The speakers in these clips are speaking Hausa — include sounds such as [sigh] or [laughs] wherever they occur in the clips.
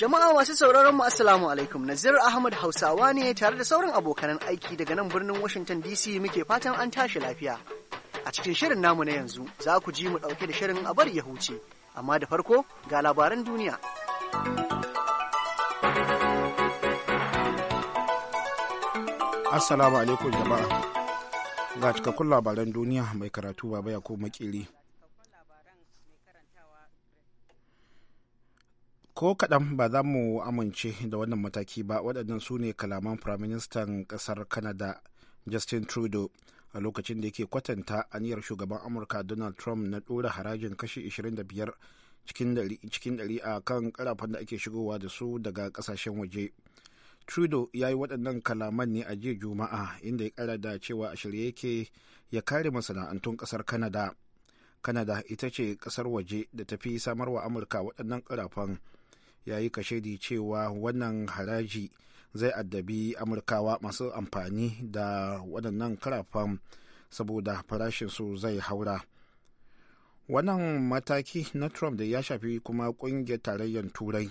Jama'a masu sauraron mu Assalamu alaikum Nazir Ahmad Hausawa ne tare da sauran abokanan aiki daga nan birnin Washington DC muke fatan an tashi lafiya. A cikin shirin namu na yanzu za ku ji mu ɗauke da shirin a bari ya huce, amma da farko ga labaran duniya. Assalamu alaikum jama'a. Ga cikakkun labaran duniya mai karatu baba ya ko makili. ko kaɗan ba za mu amince da wannan mataki ba waɗannan su ne kalaman firaministan ƙasar kanada justin trudeau a lokacin da yake kwatanta aniyar shugaban amurka donald trump na ɗora harajin kashi 25 cikin ɗari a kan ƙarafan da ake shigowa da su daga ƙasashen waje trudeau ya yi waɗannan kalaman ne a jiya juma'a inda ya ƙara da cewa a shirye yake ya kare masana'antun ƙasar kanada kanada ita ce ƙasar waje da ta fi samarwa amurka waɗannan ƙarafan. ya yi kashedi cewa wannan haraji zai addabi amurkawa masu amfani da waɗannan karafan saboda farashinsu zai haura wannan mataki na trump da ya shafi kuma ƙungiyar tarayyar turai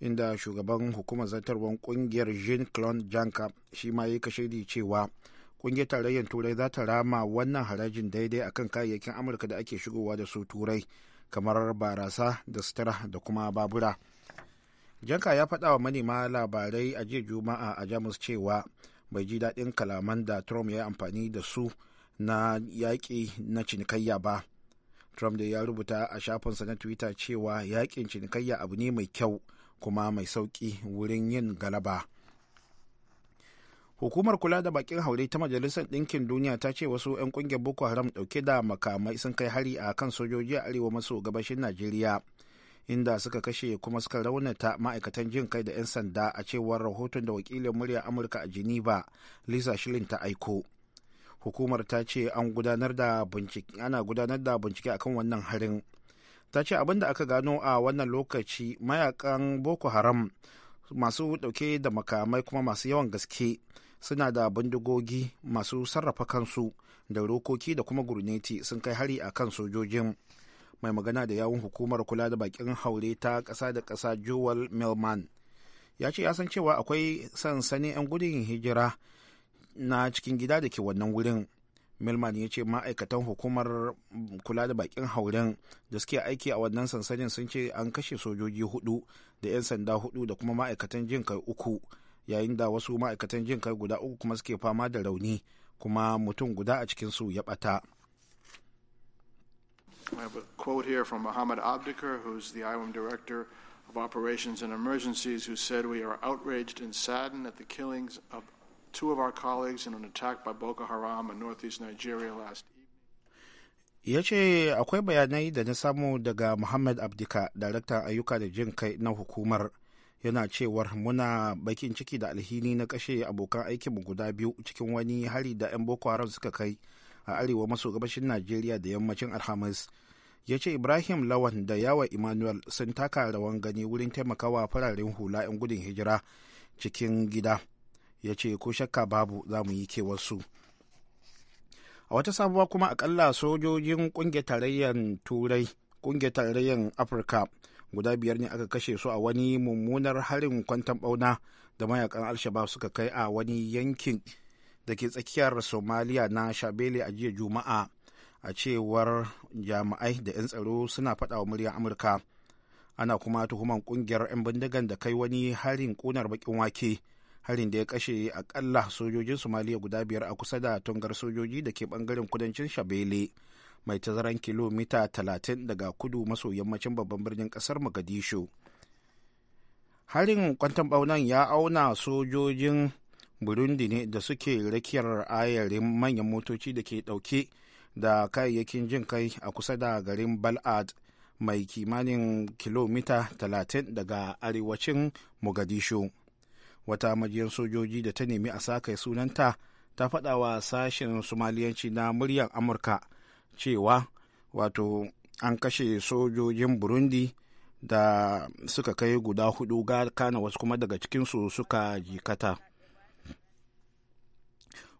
inda shugaban hukumar zartarwar ƙungiyar jean clon janka shi ma ya kashedi cewa ƙungiyar tarayyar turai za ta rama wannan harajin daidai akan kayayyakin amurka da ake shigowa da su turai kamar barasa da sutura da kuma babura. janka ya faɗa wa manema labarai a jiya juma'a a jamus cewa bai ji daɗin kalaman da trump ya yi amfani da su na yaƙi na cinikayya ba trump da ya rubuta a shafinsa na twitter cewa yaƙin cinikayya abu ne mai kyau kuma mai sauƙi wurin yin galaba hukumar kula da bakin haure ta majalisar ɗinkin duniya ta ce wasu 'yan ƙungiyar boko haram ɗauke da makamai sun kai hari a kan sojoji a arewa maso gabashin najeriya inda suka kashe kuma suka raunata ma'aikatan jin kai da 'yan sanda a cewar rahoton da wakilin murya amurka a geneva lisa shilin ta aiko hukumar ta ce an gudanar da bincike ana gudanar da bincike akan wannan harin ta ce abin da aka gano a wannan lokaci mayakan boko haram masu dauke da makamai kuma masu yawan gaske suna da bindigogi masu sarrafa kansu da rokoki da kuma gurneti sun kai hari a kan sojojin mai magana da yawun hukumar kula da bakin haure ta ƙasa da ƙasa joel milman ya ce ya san cewa akwai sansanin 'yan gudun hijira na cikin gida da ke wannan wurin milman ya ce ma'aikatan hukumar kula da bakin hauren da suke aiki a wannan sansanin sun ce an kashe sojoji hudu da 'yan sanda hudu da kuma ma'aikatan jin kai uku yayin da wasu ma'aikatan jin kai guda uku kuma suke fama da rauni kuma mutum guda a cikinsu ya bata I have a quote here from Mohammed Abdiker, who's the IOM director of operations and emergencies, who said, We are outraged and saddened at the killings of two of our colleagues in an attack by Boko Haram in northeast Nigeria last evening. ya ce akwai bayanai da na samu daga muhammad abdika daraktan ayyuka da jin kai na hukumar yana cewar muna bakin ciki da alhini na kashe abokan aikinmu guda biyu cikin wani hari da 'yan boko haram suka kai a arewa maso gabashin najeriya da yammacin alhamis ya ce ibrahim lawan da yawa emmanuel sun taka rawan gani wurin taimakawa fararen hula 'yan gudun hijira cikin gida ya ce ko shakka babu za mu yi kewarsu a wata sabuwa kuma akalla sojojin kungiyar tarayyar turai kungiyar tarayyar afirka guda biyar ne aka kashe su a wani mummunar harin kwantan bauna da mayakan alshabab suka kai a wani yankin da ke tsakiyar somaliya na shabele a jiya juma'a a cewar jami'ai da 'yan tsaro suna faɗa wa muryar amurka ana kuma tuhuman kungiyar 'yan bindigan da kai wani harin ƙunar bakin wake harin da ya kashe akalla sojojin somaliya guda biyar a kusa da tungar sojoji da ke bangaren kudancin shabele mai tazaran kilomita 30 daga kudu maso yammacin babban birnin kasar mogadishu harin kwantan baunan ya auna sojojin burundi ne da suke rakiyar ayarin manyan motoci da ke dauke da kayayyakin jin kai a kusa da garin bal'ad mai kimanin kilomita 30 daga arewacin mogadishu wata majiyar sojoji da ta nemi a sakai sunanta ta faɗa wa sashen somaliyanci na muryar amurka cewa wato an kashe sojojin burundi da suka kai guda hudu ga kana wasu kuma daga cikinsu suka jikata.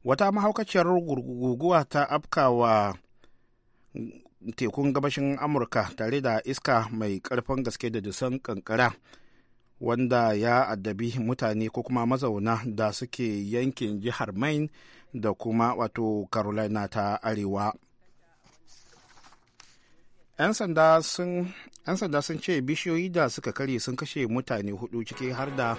wata mahaukaciyar guguwa ta afkawa tekun gabashin amurka tare da iska mai karfin gaske da dusan kankara wanda ya addabi mutane ko kuma mazauna da suke yankin jihar maine da kuma wato carolina ta arewa 'yan sanda sun ce bishiyoyi da suka kare sun kashe mutane hudu ciki har da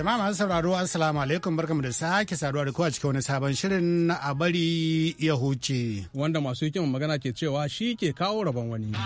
Jama'a masu sauraro Assalamu alaikum barkamu da sake saduwa da kowa cikin wani sabon shirin na a bari ya huce. Wanda masu hikimar magana ke cewa shi ke kawo rabon wani.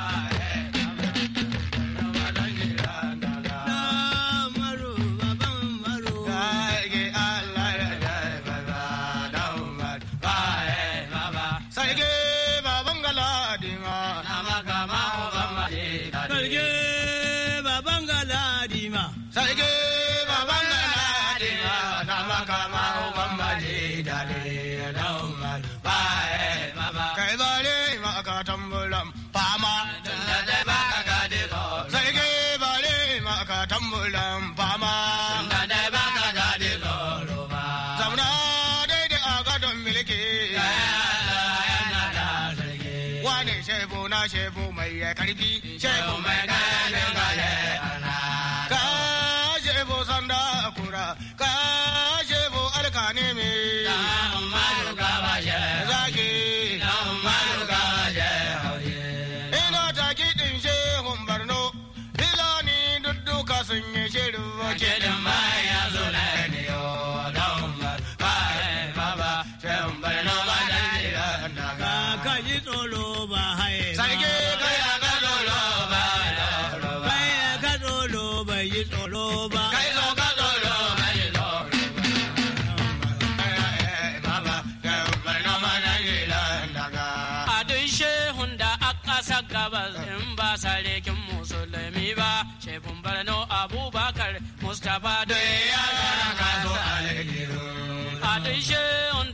ƙasa gabas in ba sarikin musulmi ba shefin barno abubakar mustapha da ya gara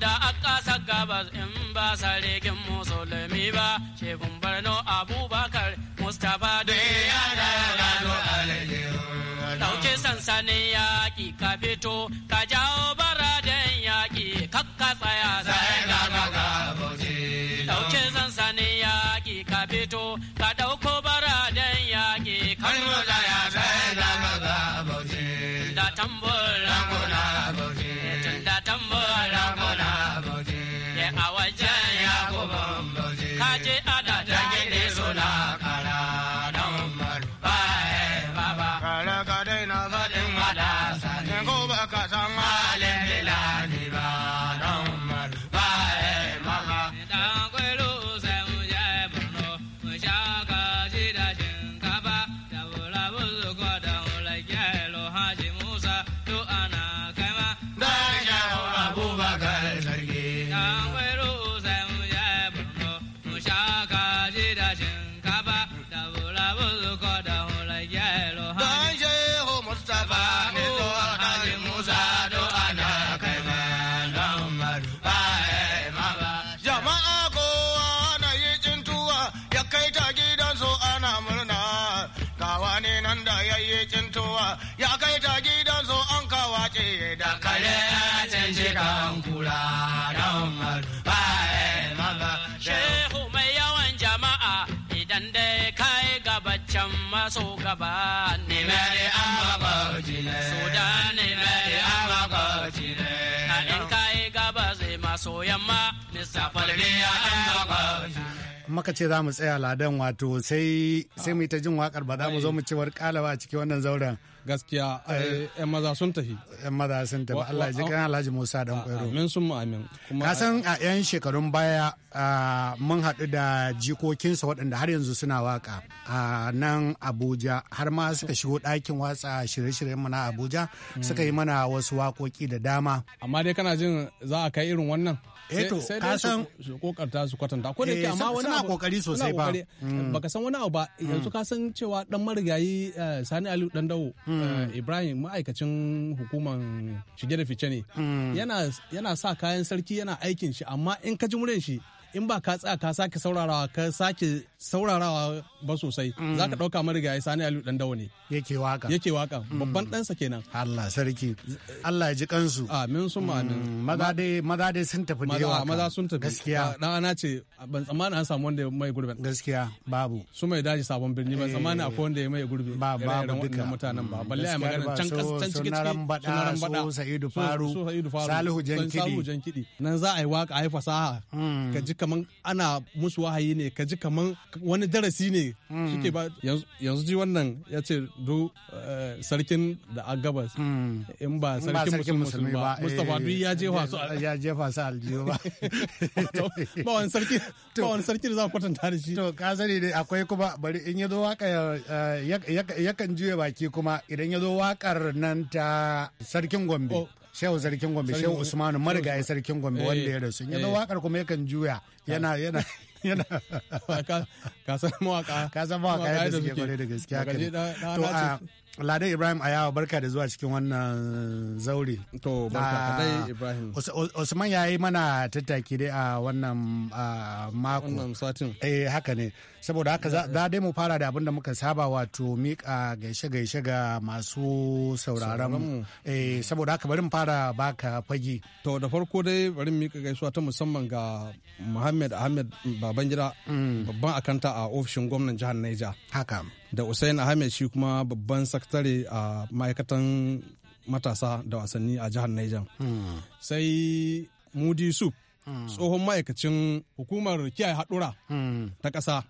a ƙasa gabas in ba sarikin musulmi ba shefin barno abubakar mustapha ya gara ɗauke sansanin yaƙi ka fito ka jawo kan kura don Shehu mai yawan jama'a idan dai kai gabacin maso gaba ne mai amagoji ne. Sudan mai amagoji ne. A in kai gaba zai maso yamma, Mr. Falbiya amagoji. maka ce za mu tsaya ladan wato sai sai mu ta jin wakar ba za mu zo mu ci war kalaba a cikin wannan zauren gaskiya eh. yan maza sun tafi yan maza sun tafi Allah ya ji Alhaji Musa dan Kwairo amin sun mu amin ka san a yan shekarun baya mun haɗu da jikokinsa waɗanda har yanzu suna waka a nan Abuja har ma suka shigo ɗakin watsa shirye-shiryen mu na Abuja suka yi mm. mana wasu wakoki da dama amma dai kana jin za a kai irin wannan eto eh ka san su kokarta su kwatanta ko da eh, yake amma wani suna kokari sosai ba mm. baka san wani abu ba yanzu ka san cewa dan marigayi eh, Sani Aliyu dan dawo mm. Ibrahim ma'aikacin hukumar shige da fice ne mm. yana sa kayan sarki yana aikin shi amma in ka ji muryar shi in ba ka tsaya ka sake saurarawa ka sake saurarawa ba sosai mm. za ka ɗauka marigayi sani aliyu dan dawo ne yake waka yake waka mm. babban ɗansa kenan Allah sarki Allah ya ji kansu amin sun mm. ma amin maza dai maza dai sun tafi ne waka maza sun tafi gaskiya dan ana ce ban tsammani an samu wanda ya mai gurbin gaskiya babu su mai daji sabon birni ban tsammani eh. akwai wanda ya mai gurbi ba babu duka mutanen ba balle a magana can can cikin sunaran bada su sa'idu faru salihu jankidi nan za a yi waka a yi fasaha ka ji kaman ana musu wahayi ne ka ji kaman wani darasi ne hmm. suke ba yanzu ji wannan ya ce do eh, sarkin da a gabas hmm. in ba sarkin musulmi ba mustapha duk ya eh, jefa su ya jefa su aljiyo ba [laughs] ba wani sarki [laughs] ba wani sarki da za ku kwatanta da shi to ka sani dai akwai kuma bari in ya zo waka eh, yakan juya baki kuma idan ya zo wakar nan ta sarkin gombe oh, shehu sarkin gombe shehu usmanu marigayi sarkin gombe wanda ya eh, rasu yana eh. wakar kuma yakan juya yana ah. yana yana [laughs] ka san mawaka ka san mawaka ya kwarai da gaskiya to a Lade Ibrahim Ayawa barka da zuwa cikin wannan zaure. To barka dai Ibrahim. Ah, Usman ya yi mana tattaki dai a wannan mako. Wannan satin. Eh haka ne. Saboda haka za dai mu fara da abin da muka saba wato mika gaishe gaishe ga masu sauraron mu. Eh saboda haka bari mu fara baka fagi. To da farko dai bari mika gaisuwa ta musamman ga Muhammad Ahmed Babangida mm. babban akanta a ofishin gwamnan jihar Niger. Haka. da usain ahmed shi kuma babban sakatare a ma'aikatan matasa da wasanni a jihar niger hmm. sai mudi Soup, hmm. tsohon ma'aikacin hukumar kiyaye haɗura hmm. ta ƙasa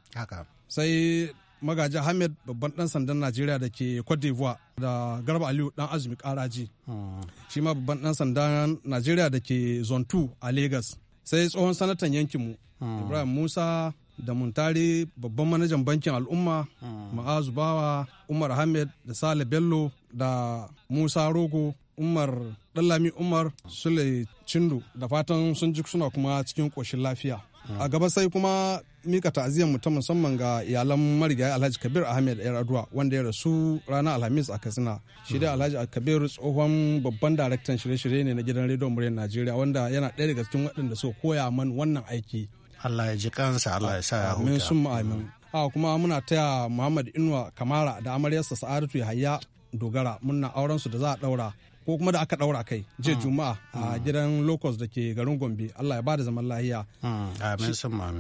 sai magaji ahmed babban ɗan sandan najeriya da ke cote d'ivoire da garba aliyu ɗan azumi karaji shi ma babban ɗan sandan najeriya da ke zone a lagos sai tsohon sanatan yankinmu ibrahim musa da muntari babban manajan bankin al'umma hmm. ma'azu bawa umar ahmed da sale bello da musa rogo umar dallami umar sule cindo da fatan sun ji suna kuma cikin ƙoshin lafiya a gaba sai kuma mika ta'aziyar mu ta musamman ga iyalan marigayi alhaji kabir ahmed yar aduwa wanda ya rasu ranar alhamis a katsina shi dai alhaji kabir tsohon babban daraktan shirye-shirye ne na gidan rediyon muryar najeriya wanda yana ɗaya daga cikin waɗanda suka koya man wannan aiki Allah ya ji kansa Allah ya sa ya huta. Amin sun ah, ma'amin. kuma muna taya Muhammad Inuwa Kamara da amaryarsa Sa'adatu Yahaya Dogara muna auren su da za a ɗaura. ko kuma da aka ɗaura kai jiya ah. juma'a a ah. gidan locust da ke garin gombe allah ya bada zaman lahiya ah.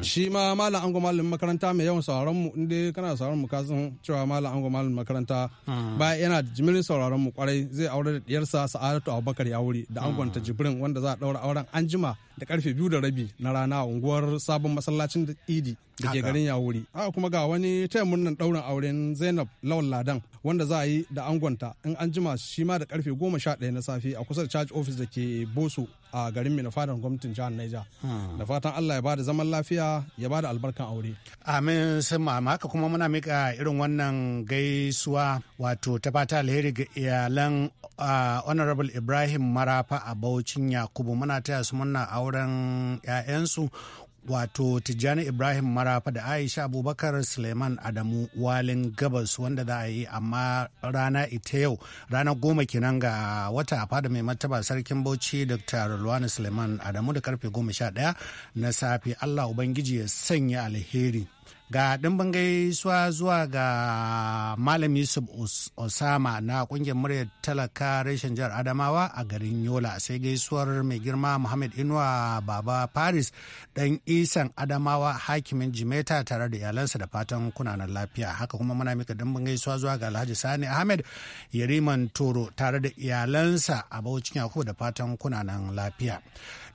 shi ma malam ango malam makaranta mai yawan sauraron mu inda kana sauraron mu kasan cewa malam ango malam makaranta ba yana da jimirin sauraron mu kwarai zai aure da diyarsa sa'adatu abubakar ya wuri da angonta jibrin wanda za a daura auren anjima da karfe biyu da rabi na rana a unguwar sabon masallacin idi da ke garin yawuri a kuma ga wani taya murnan daurin auren zainab lawal ladan wanda za a yi da angonta in an jima shi ma da karfe goma sha ɗaya na safe a kusa da charge office da ke boso a garin mai na gwamnatin jihar niger da fatan allah ya bada zaman lafiya ya bada albarkan aure amin sun haka kuma muna mika irin wannan gaisuwa wato ta fata alheri ga iyalan honorable ibrahim marafa a bauchi yakubu muna taya su muna auren 'ya'yansu wato tijjani ibrahim marafa da aisha abubakar suleiman adamu walin gabas wanda za a yi amma rana ita yau ranar goma kenan ga wata fada mai martaba sarkin bauchi dr luwani suleiman adamu da karfe goma sha daya na safi. allah ubangiji ya sanya alheri ga ɗimbin gaisuwa zuwa ga malam yusuf osama na ƙungiyar murya talaka reshen jihar adamawa a garin yola sai gaisuwar mai girma muhammad inuwa baba paris ɗan isan adamawa hakimin jimeta tare da iyalansa da fatan kunanan lafiya haka kuma muna mika ɗimbin gaisuwa zuwa ga alhaji sani ahmed yariman toro tare da iyalansa a bauchi yakubu da fatan kunanan lafiya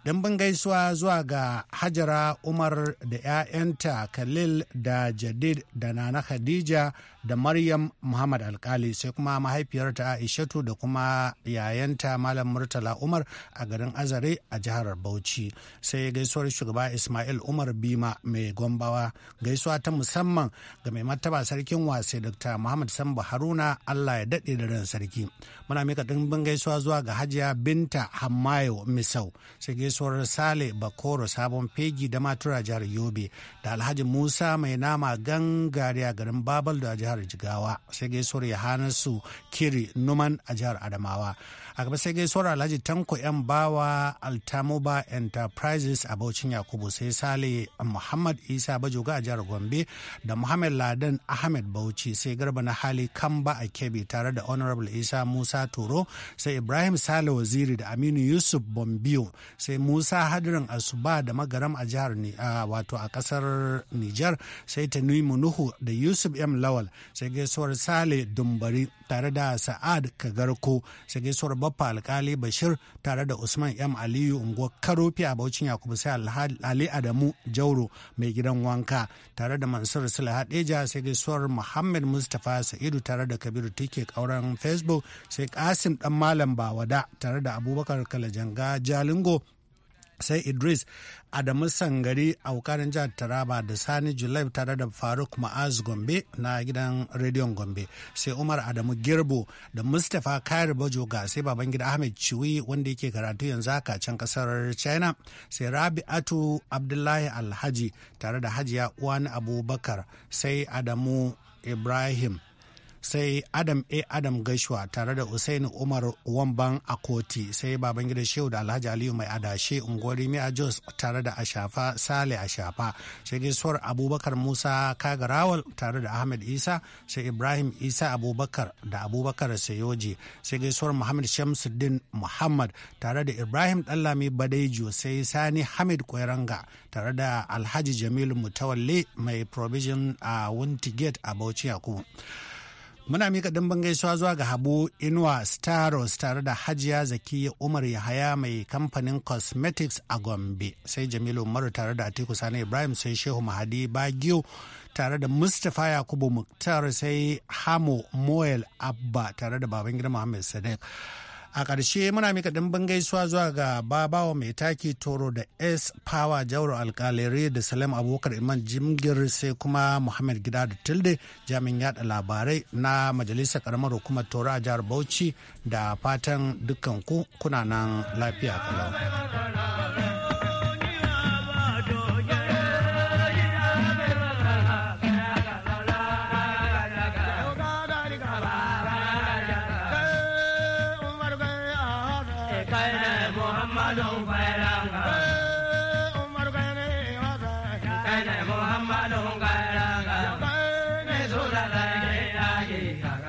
Dimbin gaisuwa zuwa ga Hajara Umar da 'ya'yanta Khalil da Jadid da Nana Khadija da Maryam Muhammad Alkali sai kuma mahaifiyarta Aishatu da kuma yayanta Malam Murtala Umar a garin Azare a jihar Bauchi. Sai gaisuwar shugaba Ismail Umar Bima mai gombawa gaisuwa ta musamman ga mai martaba sarkin wasai Dr. Muhammad Sambu Haruna Allah ya daɗe da ran sarki. Muna mika dimbin gaisuwa zuwa ga Hajiya Binta Hammayo Misau sai gaisuwar Sale Bakoro Sabon Fegi da Matura jihar Yobe da Alhaji Musa mai nama gangare a garin Babal da jihar jihar jigawa sai gaisuwar yohanasu kiri numan a jihar adamawa a gaba sai gaisuwar alhaji tanko yan bawa Altamoba enterprises a baucin yakubu sai sale muhammad isa bajoga a jihar gombe da muhammad ladan ahmed bauchi sai garba na hali kamba a kebe tare da honorable isa musa toro sai ibrahim sale waziri da aminu yusuf bombiyo sai musa hadirin asuba da magaram a jihar wato a kasar nijar sai tanui munuhu da yusuf m lawal sai gaisuwar sale dumbari tare da sa'ad kagarko sai gaisuwar baffa alkali bashir tare da usman m aliyu unguwar karofi a baucin yakubu sai ali adamu jauro mai gidan wanka tare da mansur sulaha hadeja sai gaisuwar muhammad mustapha sa'idu tare da kabiru tike kauran facebook sai kasim dan malam bawada tare da abubakar kalajanga jalingo sai idris adamu sangari a wukarin jihar taraba da sani julaib tare da faruk ma'az gombe na gidan rediyon gombe sai umar adamu girbo da mustapha kayar bajoga sai gida ahmed chiwi wanda yake karatu yanzu haka can kasar china sai rabi'atu abdullahi alhaji tare da hajiya uwani abubakar sai adamu ibrahim sai adam a adam gaishwa tare da usaini umar wamban a koti sai babangida shehu da alhaji aliyu mai adashe ungwari mia jos tare da ashafa sale ashafa sai gaisuwar abubakar musa kagarawal tare da ahmed isa sai ibrahim isa abubakar da abubakar sayoji sai gaisuwar muhammad shamsuddin muhammad tare da ibrahim dallami badejo sai sani hamid Kwaranga tare da alhaji jamilu mutawalle mai provision a wunti gate a bauchi yakubu Muna mika dimbin gaisuwa zuwa ga Habu Inuwa Staros tare da Hajiya Zakiya Umar Yahaya mai kamfanin Cosmetics a Gombe, sai Jamilu Umaru tare da Atiku Sani Ibrahim sai Shehu Mahadi Bagiyo tare da Mustapha Yakubu Muktar sai Hamo Moel Abba tare da Babangida Muhammad Sadiq. a ƙarshe muna mika ɗimbin gaisuwa zuwa ga babawa mai taki toro da s power jauro alkalere da salam abubakar iman jimgir sai kuma muhammad gida da tilde jami'in yada labarai na majalisar karamar hukumar toro a jihar bauchi da fatan dukkan ku kuna nan lafiya kalau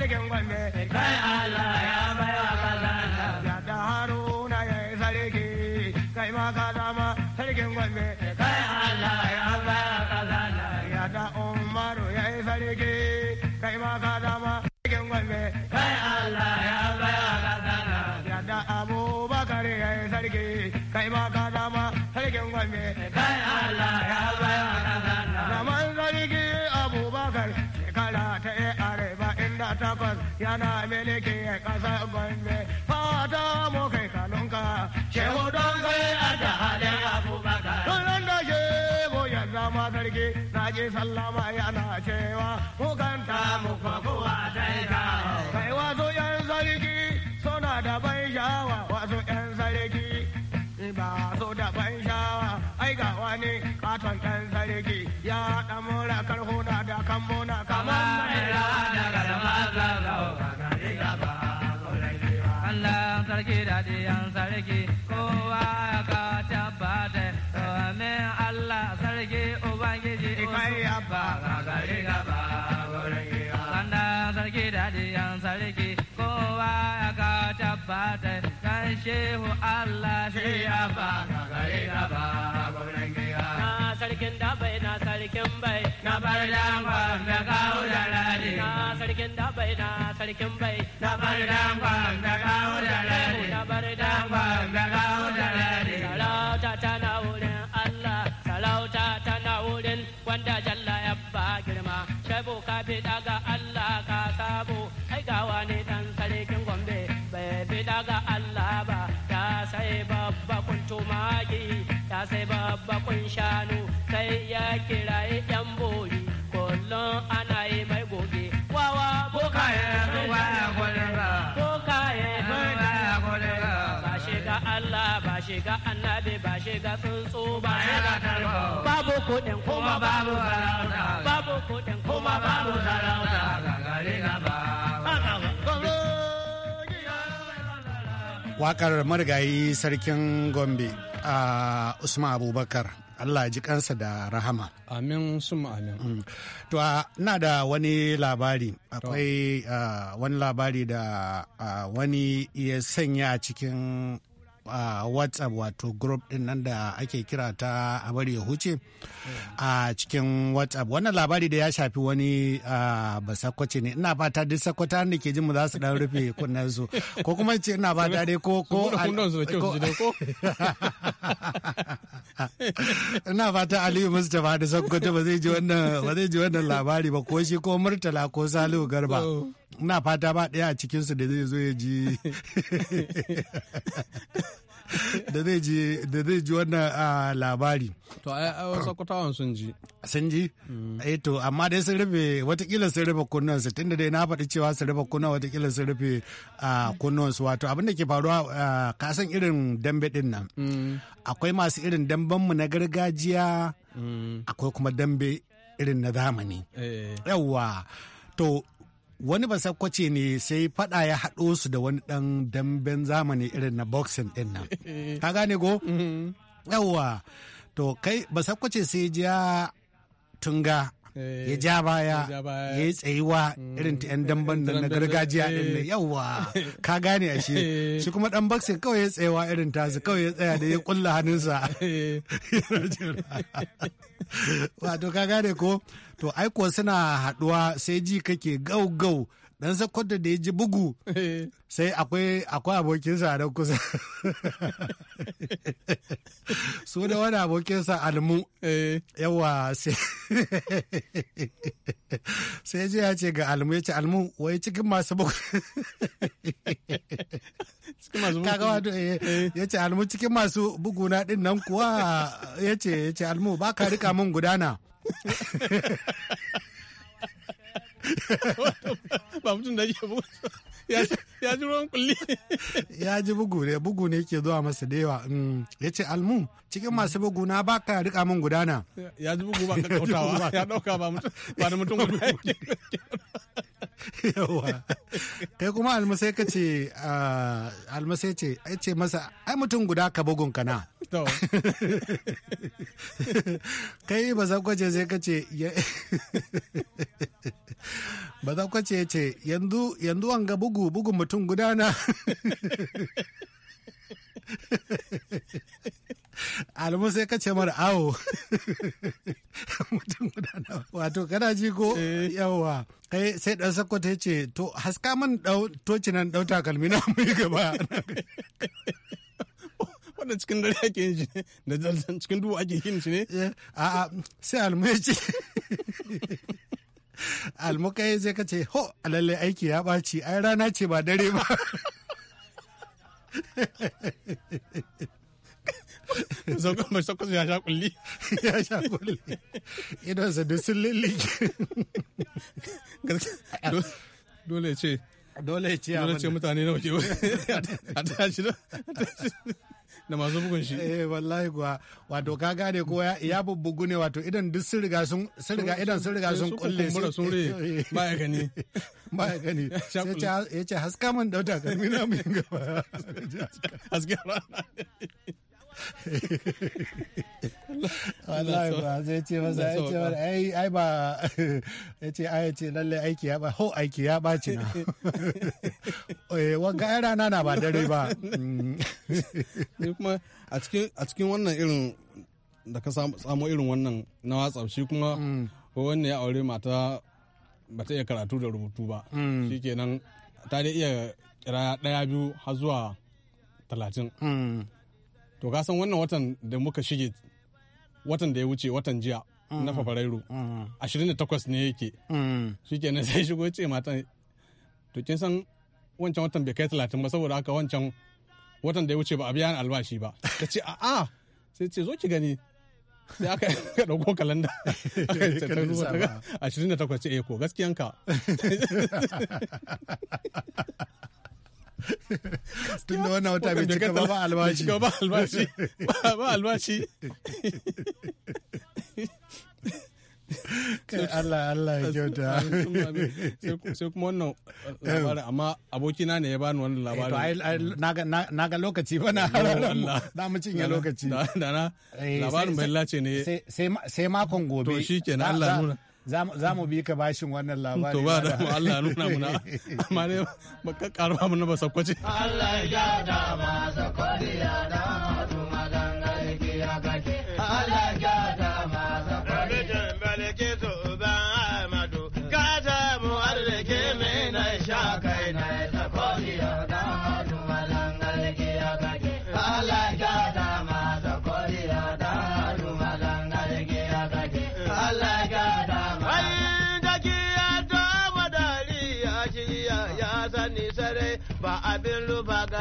sarkin gombe kai Allah yana miliki a ƙasar gombe fata mu kai kanunka shehu don kai a da halin abubakar tunan da shehu ya zama sarki na ji sallama yana cewa mukanta mu kwakuwa daika kai wasu yan sarki suna da ban sha'awa, wasu yan sarki ba su da ban sha'awa, ai ga wani katon yan sarki ya ɗan mura karhuna sarki kowa ka tabbata to amin Allah sarki ubangiji kai abba ka gari gaba wanda sarki dadi yan sarki kowa ka tabbata kan shehu Allah shi ka gari gaba sarkin da bai na sarkin bai na bar kawo da lade na sarkin da bai na sarkin bai na bar kawo da lade na bar kawo da lade sarauta tana wurin Allah sarauta tana wurin wanda jalla ya ba girma shaibu ka bi daga Allah ka sabo kai gawa ne dan sarkin gombe bai bi daga Allah ba ya sai babba kun tumaki ya sai babba kun shanu sai ya kiraye yan boyi kullum ana yi mai goge wawa boka ya ruwa ya kwalera boka ya ruwa ya kwalera ba shi ga Allah ba shi ga annabi ba shi ga tsuntsu ba ya ga tarko babu kudin kuma babu sarauta babu kudin kuma babu sarauta gaba wakar marigayi sarkin gombe a usman abubakar allah ji kansa da rahama amin sun amin mm. to na da wani labari akwai wani labari da wani ya sanya cikin a whatsapp wato group din nan da ake kira ta a bari ya huce a cikin whatsapp wannan labari da ya shafi wani ba sakwace ne ina fata duk sakwata da ke jin mu za su dan rufe [laughs] kunnan su ko kuma ce ina fata dai ko ko [laughs] ina fata aliyu mustapha da sakwata ba zai ji wannan labari ba ko shi ko murtala ko salihu garba oh. ina fata ba ɗaya a cikinsu da zai zo ya ji [laughs] da zai ji da zai ji wannan labari to ai wasu kwatawan sun ji sun ji mm. eh to amma dai sun rufe watakila sun rufe kunnan su tunda dai na faɗi cewa sun rufe kunnan watakila sun rufe kunnan su wato abin da ke faruwa ka san irin dambe din nan mm. akwai masu irin damben mu na gargajiya mm. akwai kuma dambe irin na zamani eh. yawwa to wani basakwace ne sai fada ya haɗo su da wani ɗan damben zamani irin na boxing ɗin nan ka gane go mm-hmm. yawwa to kai basakwace sai ja tunga eh, ya ja baya ya yi tsayiwa mm. irin ta 'yan damban na gargajiya din nan eh. yawwa ka gane a shi eh. shi kuma dan boxing kawai ya tsayiwa irin tasu kawai ya tsaya da ya kulla hannunsa [laughs] wato ka gane ko to aiko suna haduwa sai ji kake gau gau dan sakwata da ya ji bugu eh. sai akwai akwai abokinsa a nan kusa su da wani abokinsa almu eh. yawa sai ji ya ce ga almu ya ce almu wai cikin masu bugu eh, ya ce almu cikin masu bugu na din nan kuwa ya ce almu ba ka rika min gudana [laughs] ba mutum da yake bugu ya ji ruwan kulli [laughs] ya ji bugu ne bugu ne ke zuwa masa da yawa mm, ya ce almu cikin masu bugu na ba ka rika min gudana ya ji bugu ba ka kautawa [laughs] ya dauka ba mutum ba da mutum guda yake yawa kai kuma almu sai ka ce ah, almu sai ce ai ce masa ai mutum guda ka bugun ka na to [laughs] kai ba za kwace sai ka ce [laughs] ba za kwace ya ce yanzu yanzu an ga bugu bugun mutum gudana [laughs] alamu sai ka ce mara awo mutum gudana wato kana ji ko eh. yawa kai sai dan sakkwato ta ce to haska man toci nan dau takalmi na mai gaba wanda cikin dare ake yin shi ne da cikin duhu ake yin shi ne eh, a'a sai almeci almukai zai ka ce ho lalle aiki ya ɓaci ai rana ce ba dare ba zaukan mai sauka ya sha kulli ya sha kulli idan sa duk sun lillike dole ce dole ya ce dole ce mutane na waje [laughs] a tashi da masu bugun shi eh wallahi kuwa wato ka gane ko ya bubbugu ne wato idan duk sun riga sun sun riga idan sun riga sun eh, kulle sun sun re [laughs] ya gani ba ya gani [laughs] ya ce haska man dauta karmi na min gaba haske rana wallahi ba zai ce masa ya ce masa ai ai ba ya ce ai ce lalle aiki ya ba ho aiki ya ba ce na [laughs] eh, wanga ai rana na ba dare ba mm. kuma a cikin wannan irin da ka samu irin wannan na WhatsApp shi kuma mm. wanne ya aure mata ba ta iya karatu da rubutu ba mm. Shi shikenan ta dai iya kira daya biyu har zuwa talatin to ka san wannan watan da muka shige watan da ya wuce watan jiya na mm-hmm. fabrairu 28 mm-hmm. ne yake mm-hmm. na sai shigo ce matan to kin san wancan watan bai kai 30 ba saboda haka wancan watan da ya wuce ba a biya albashi ba ta ce a'a sai ce zo ki gani sai aka ka dauko kalanda [laughs] ashirin da takwas ce eh ko gaskiyanka [laughs] [laughs] tun da wannan wata bai cika ba albashi ba albashi ba albashi kai Allah Allah ya kyauta sai kuma wannan labarin amma abokina ne ya bani wannan eh, labarin to na ga lokaci ba na [laughs] na mu cinye lokaci da na eh, labarin bai lace ne sai sai makon gobe to shikenan Allah nuna za mu bi ka bashin wannan labari to ba da mu Allah nuna muna amma ne ba ka karuwa mu ba sakwace Allah ya da ma ya da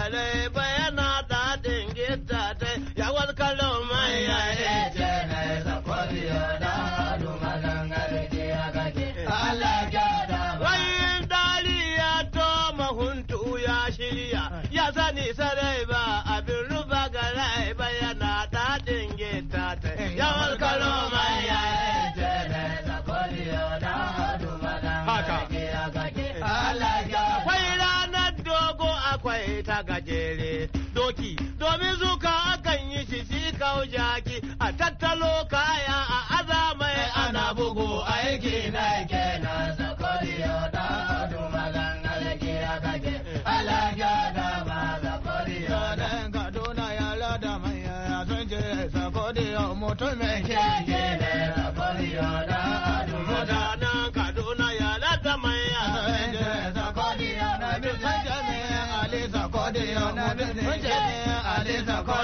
Dale ta gajere doki domin zuka akan yi shi shi kawo jaki a tattalo kaya a aza mai ana bugu aiki na kenan zakariya da adu magangal kira kake alaga da ba zakariya dan kaduna ya lada mai ya sun je zakariya mutumin keke ne zakariya